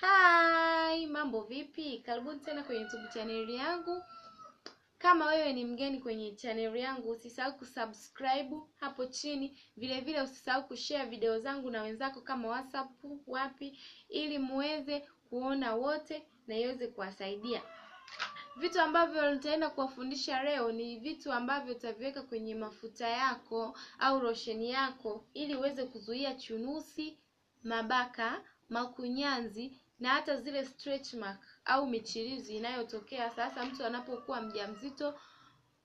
Hi, mambo vipi? Karibuni tena kwenye YouTube channel yangu. Kama wewe ni mgeni kwenye channel yangu, usisahau kusubscribe hapo chini. Vile vile usisahau kushare video zangu na wenzako kama WhatsApp, wapi, ili muweze kuona wote na iweze kuwasaidia. Vitu ambavyo nitaenda kuwafundisha leo ni vitu ambavyo utaviweka kwenye mafuta yako au rosheni yako ili uweze kuzuia chunusi, mabaka, makunyanzi na hata zile stretch mark au michirizi inayotokea sasa mtu anapokuwa mjamzito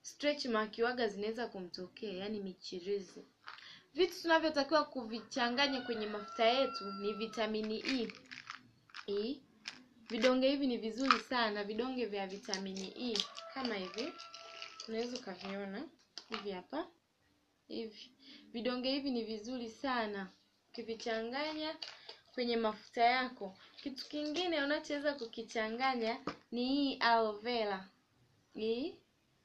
stretch mark waga zinaweza kumtokea yani michirizi vitu tunavyotakiwa kuvichanganya kwenye mafuta yetu ni vitamini E. E. Vidonge hivi ni vizuri sana, vidonge vya vitamini E kama hivi. Unaweza ukaviona hivi hapa. Hivi. Vidonge hivi ni vizuri sana. Ukivichanganya kwenye mafuta yako kitu kingine unachoweza kukichanganya ni hii aloe vera hii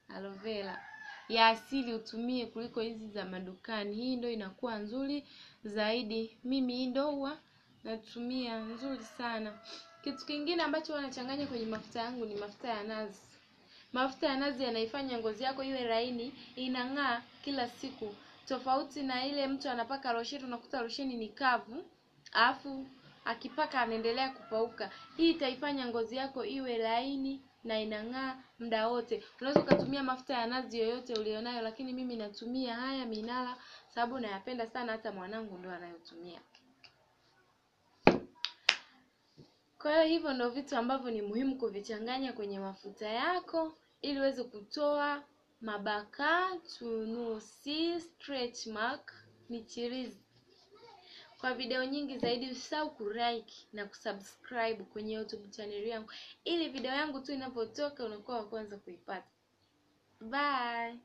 aloe vera ya asili utumie kuliko hizi za madukani hii ndio inakuwa nzuri zaidi mimi hii ndio huwa natumia nzuri sana kitu kingine ambacho wanachanganya kwenye mafuta yangu ni mafuta ya nazi mafuta ya nazi yanaifanya ngozi yako iwe laini inang'aa kila siku tofauti na ile mtu anapaka losheni, unakuta losheni ni kavu alafu akipaka anaendelea kupauka hii itaifanya ngozi yako iwe laini na inang'aa muda wote unaweza ukatumia mafuta ya nazi yoyote ulionayo lakini mimi natumia haya minala sababu nayapenda sana hata mwanangu ndo anayotumia kwa hiyo hivyo ndo vitu ambavyo ni muhimu kuvichanganya kwenye mafuta yako ili uweze kutoa mabaka tunusi stretch mark michirizi kwa video nyingi zaidi usisahau kulike na kusubscribe kwenye youtube chaneli yangu ili video yangu tu inapotoka unakuwa wa kwanza kuipata bye